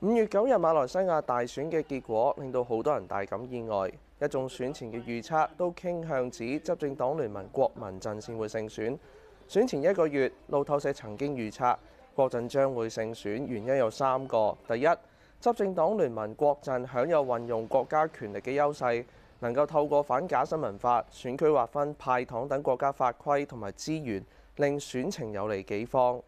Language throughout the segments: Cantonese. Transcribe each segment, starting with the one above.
五月九日馬來西亞大選嘅結果令到好多人大感意外，一眾選前嘅預測都傾向指執政黨聯盟國民陣線會勝選。選前一個月，路透社曾經預測國陣將會勝選，原因有三個：第一，執政黨聯盟國陣享有運用國家權力嘅優勢，能夠透過反假新聞法、選區劃分、派糖等國家法規同埋資源，令選情有利己方。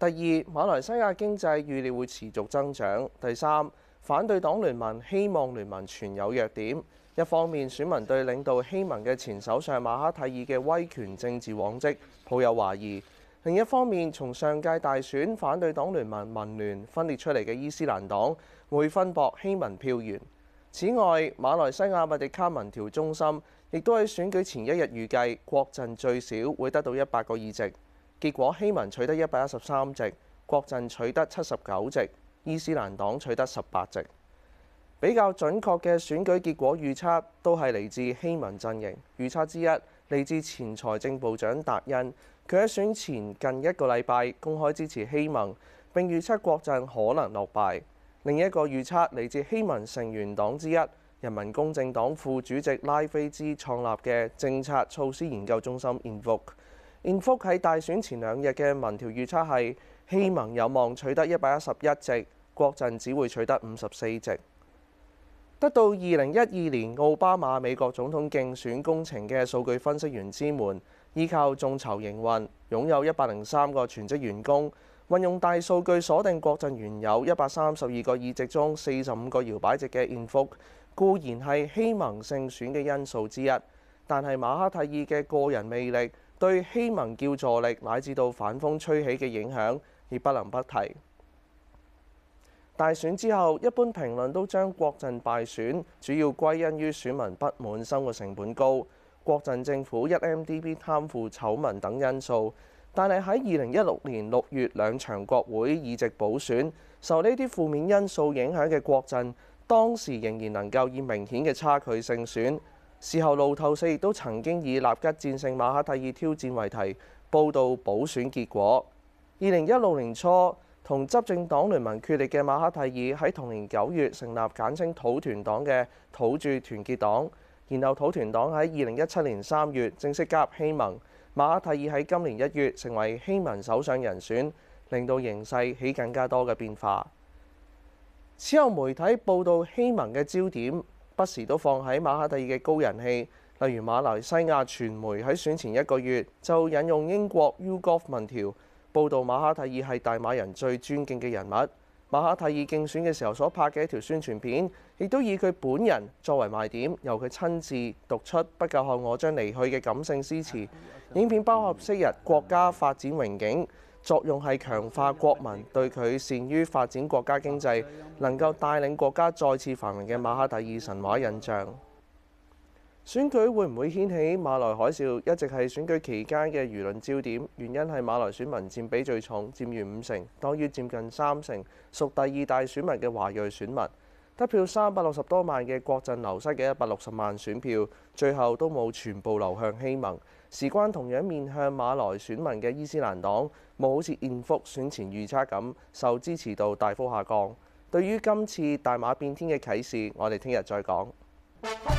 第二，馬來西亞經濟預料會持續增長。第三，反對黨聯盟希望聯盟存有弱點。一方面，選民對領導希文嘅前首相馬哈蒂爾嘅威權政治往績抱有懷疑；另一方面，從上屆大選反對黨聯盟民聯分裂出嚟嘅伊斯蘭黨會分薄希文票源。此外，馬來西亞麥迪卡民調中心亦都喺選舉前一日預計國陣最少會得到一百個議席。結果希盟取得一百一十三席，國陣取得七十九席，伊斯蘭黨取得十八席。比較準確嘅選舉結果預測都係嚟自希盟陣營。預測之一嚟自前財政部長達恩，佢喺選前近一個禮拜公開支持希盟，並預測國陣可能落敗。另一個預測嚟自希盟成員黨之一人民公正黨副主席拉菲茲創立嘅政策措施研究中心 Invoke。In 福喺大選前兩日嘅民調預測係希盟有望取得一百一十一席，國陣只會取得五十四席。得到二零一二年奧巴馬美國總統競選工程嘅數據分析員支援，依靠眾籌營運，擁有一百零三個全職員工，運用大數據鎖定國陣原有一百三十二個議席中四十五個搖擺席嘅 In 福固然係希盟勝選嘅因素之一，但係馬克泰爾嘅個人魅力，對希盟叫助力乃至到反風吹起嘅影響，亦不能不提。大選之後，一般評論都將國陣敗選主要歸因於選民不滿生活成本高、國陣政府 1MDB 貪腐醜聞等因素。但係喺二零一六年六月兩場國會議席補選，受呢啲負面因素影響嘅國陣，當時仍然能夠以明顯嘅差距勝選。事後，路透社亦都曾經以納吉戰勝馬哈蒂爾挑戰為題報導補選結果。二零一六年初，同執政黨聯盟決裂嘅馬哈蒂爾喺同年九月成立簡稱土團黨嘅土著團結黨，然後土團黨喺二零一七年三月正式加入希盟。馬哈蒂爾喺今年一月成為希盟首相人選，令到形勢起更加多嘅變化。此後媒體報導希盟嘅焦點，不時都放喺馬哈蒂爾嘅高人氣，例如馬來西亞傳媒喺選前一個月就引用英國 YouGov 民調報導馬哈蒂爾係大馬人最尊敬嘅人物。馬哈蒂爾競選嘅時候所拍嘅一條宣傳片，亦都以佢本人作為賣點，由佢親自讀出，不久後我將離去嘅感性詩詞。 影片包含昔日國家發展榮景。作用係強化國民對佢善於發展國家經濟、能夠帶領國家再次繁榮嘅馬哈蒂爾神話印象。選舉會唔會掀起馬來海嘯，一直係選舉期間嘅輿論焦點。原因係馬來選民佔比最重，佔逾五成，多於佔近三成，屬第二大選民嘅華裔選民。得票三百六十多萬嘅國陣流失嘅一百六十萬選票，最後都冇全部流向希盟。事關同樣面向馬來選民嘅伊斯蘭黨，冇好似現福選前預測咁受支持度大幅下降。對於今次大馬變天嘅啟示，我哋聽日再講。